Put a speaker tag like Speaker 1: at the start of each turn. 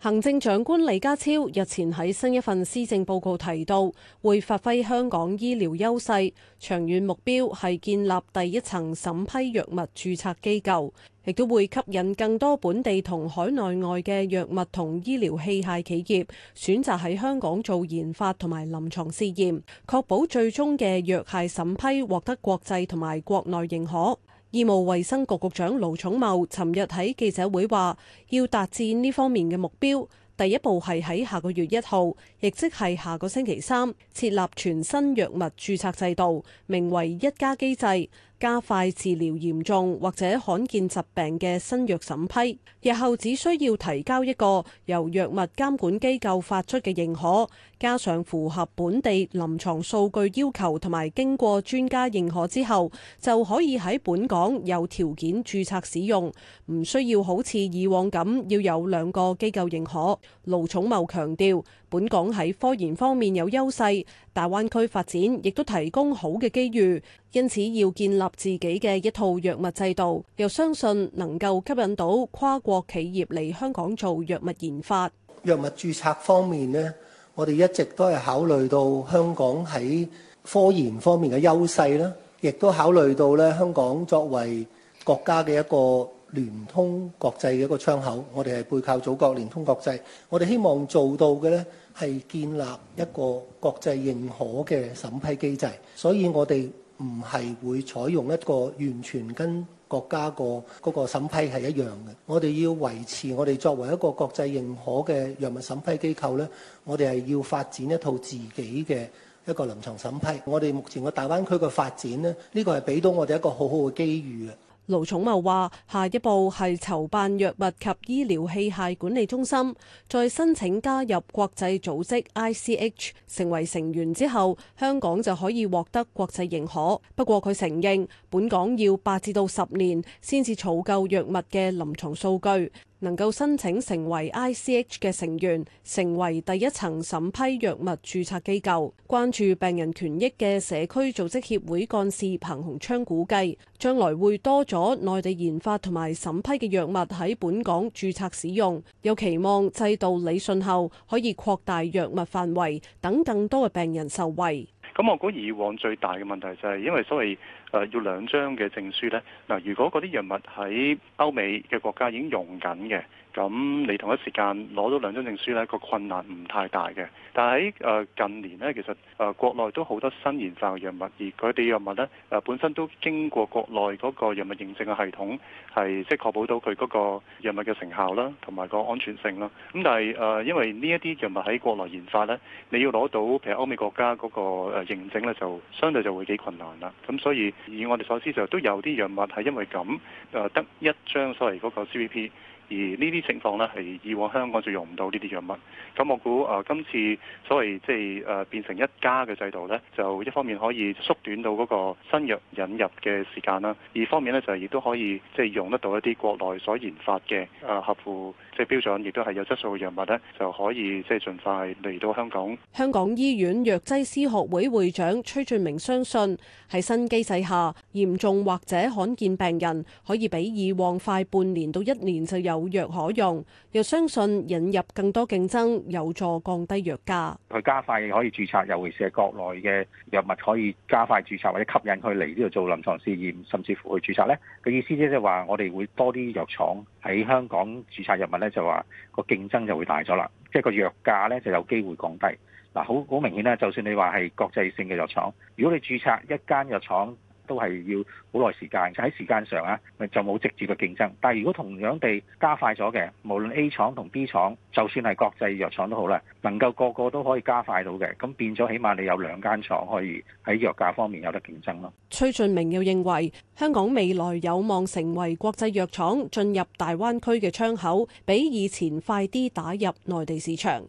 Speaker 1: 行政長官李家超日前喺新一份施政報告提到，會發揮香港醫療優勢，長遠目標係建立第一層審批藥物註冊機構，亦都會吸引更多本地同海內外嘅藥物同醫療器械企業選擇喺香港做研發同埋臨床試驗，確保最終嘅藥械審批獲得國際同埋國內認可。醫務衛生局局長盧寵茂尋日喺記者會話，要達至呢方面嘅目標，第一步係喺下個月一號，亦即係下個星期三，設立全新藥物注冊制度，名為一加機制。加快治療嚴重或者罕見疾病嘅新藥審批，日後只需要提交一個由藥物監管機構發出嘅認可，加上符合本地臨床數據要求同埋經過專家認可之後，就可以喺本港有條件註冊使用，唔需要好似以往咁要有兩個機構認可。盧寵茂強調，本港喺科研方面有優勢，大灣區發展亦都提供好嘅機遇。因此要建立自己嘅一套藥物制度，又相信能夠吸引到跨國企業嚟香港做藥
Speaker 2: 物研發。唔係會採用一個完全跟國家個嗰個審批係一樣嘅，我哋要維持我哋作為一個國際認可嘅藥物審批機構咧，我哋係要發展一套自己嘅一個臨床審批。我哋目前個大灣區嘅發展咧，呢個係俾到我哋一個好好嘅機遇啊！
Speaker 1: 盧寵茂話：下一步係籌辦藥物及醫療器械管理中心，再申請加入國際組織 ICH 成為成員之後，香港就可以獲得國際認可。不過佢承認，本港要八至到十年先至儲夠藥物嘅臨床數據。能夠申請成為 ICH 嘅成員，成為第一層審批藥物註冊機構。關注病人權益嘅社區組織協會幹事彭洪昌估計，將來會多咗內地研發同埋審批嘅藥物喺本港註冊使用，又期望制度理順後可以擴大藥物範圍，等更多嘅病人受惠。
Speaker 3: 咁我估以往最大嘅問題就係因為所謂，誒要兩張嘅證書呢。嗱，如果嗰啲藥物喺歐美嘅國家已經用緊嘅，咁你同一時間攞到兩張證書呢，個困難唔太大嘅。但喺近年呢，其實誒國內都好多新研發嘅藥物，而佢哋藥物呢，誒本身都經過國內嗰個藥物認證嘅系統，係即係確保到佢嗰個藥物嘅成效啦，同埋個安全性啦。咁但係誒、呃，因為呢一啲藥物喺國內研發呢，你要攞到譬如歐美國家嗰個誒認證咧，就相對就會幾困難啦。咁所以以我哋所知就都有啲藥物係因為咁誒、呃、得一張，所謂嗰個 CVP。而呢啲情況咧，係以往香港就用唔到呢啲藥物，咁我估啊，今次所謂即係誒變成一家嘅制度咧，就一方面可以縮短到嗰個新藥引入嘅時間啦，二方面咧就係亦都可以即係用得到一啲國內所研發嘅誒合乎即係標準亦都係有質素嘅藥物咧，就可以即係盡快嚟到香港。
Speaker 1: 香港醫院藥劑師學會會長崔俊明相信喺新機制下，嚴重或者罕見病人可以比以往快半年到一年就有。有藥可用，又相信引入更多競爭，有助降低藥價。
Speaker 4: 佢加快可以註冊，尤其是係國內嘅藥物可以加快註冊，或者吸引佢嚟呢度做臨床試驗，甚至乎去註冊。呢個意思即係話，我哋會多啲藥廠喺香港註冊藥物咧，就話個競爭就會大咗啦，即係個藥價咧就有機會降低。嗱，好好明顯啦，就算你話係國際性嘅藥廠，如果你註冊一間藥廠，都係要好耐時間，就喺時間上啊，咪就冇直接嘅競爭，但係如果同樣地加快咗嘅，無論 A 廠同 B 廠，就算係國際藥廠都好啦，能夠個個都可以加快到嘅，咁變咗，起碼你有兩間廠可以喺藥價方面有得競爭咯。
Speaker 1: 崔俊明又認為香港未來有望成為國際藥廠進入大灣區嘅窗口，比以前快啲打入內地市場。